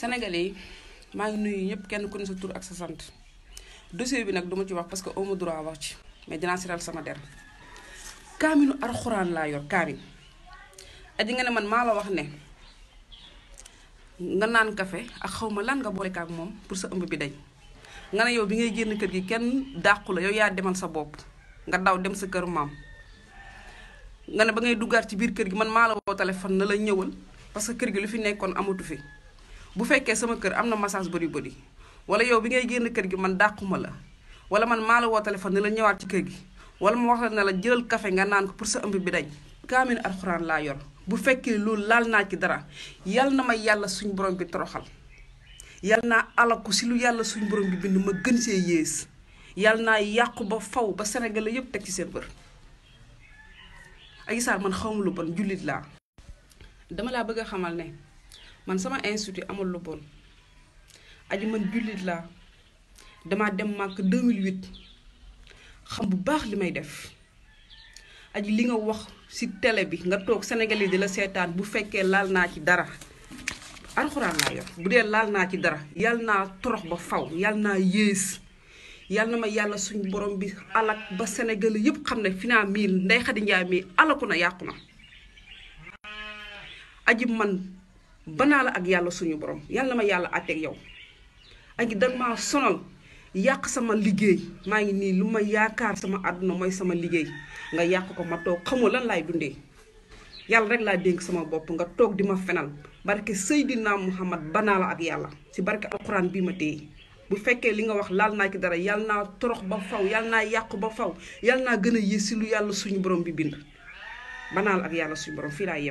sénégalais yi maa ngi nuyu ñëpp kenn ku ne sa tur ak sa sant dossier bi nag duma ci wax parce que amu droit wax ci mais dinaa seetal sama der kaaminu alxuraan laa yor kaamin aji nga ne man maa la wax ne nga naan kafe ak xaw ma lan nga boole kaak moom pour sa ëmb bi day nga ne yow bi ngay génn kër gi kenn dàqu la yow yaa demal sa bopp nga daw dem sa kër maam nga ne ba ngay duggaat ci biir kër gi man maa la woo téléphone na la ñëwal parce que kër gi lu fi nekkoon amatu fi bu fekkee sama kër am na massage body body wala yow bi ngay génn kër gi man dàquma la wala man maa la woo téléphone ne la ñëwaat ci kër gi wala ma wax na la jëlal kafe nga naan ko pour sa ëmb bi dañ kaamil alxuraan laa yor bu fekkee loolu laal naa ci dara yal na ma yàlla suñu borom bi toroxal yal naa alaku si lu yàlla suñu borom bi bind ma gën see yées yal naa yàqu ba faw ba Sénégal yëpp teg ci seen bër Adji Sarr man xawma lu bon jullit laa dama bëgg a xamal ne man sama institut amul lu bon aji man jullit laa damaa dem màkk 2008 xam bu baax li may def aji li nga wax ci tele bi nga toog Sénégalais di la seetaan bu fekkee laal naa ci dara alxuraan laa bu dee laal naa ci dara yàlla naa torox ba faw yàlla naa yées yàlla na ma yàlla suñ borom bi alak ba Sénégal yëpp xam ne finaa mii Ndeye Khady Ndiaye mii alaku na yàqu na aji man banaa la ak yàlla suñu borom yàlla ma yàlla àtteeg yow aj dag maa sonal yàq sama liggéey maa ngi nii lu ma yaakaar sama àdduna mooy sama liggéey nga yàq ko ma toog xamoo lan laay dundee yàlla rek laa dénk sama bopp nga toog di ma fenal barke Seydina Muhammad banaa la ak yàlla si barke alxuraan bii ma téye bu fekkee li nga wax laal naa ci dara yàlla naa torox ba faw yàlla naa yàqu ba faw yàlla naa gën a yées si lu yàlla suñu borom bi bind banaa la ak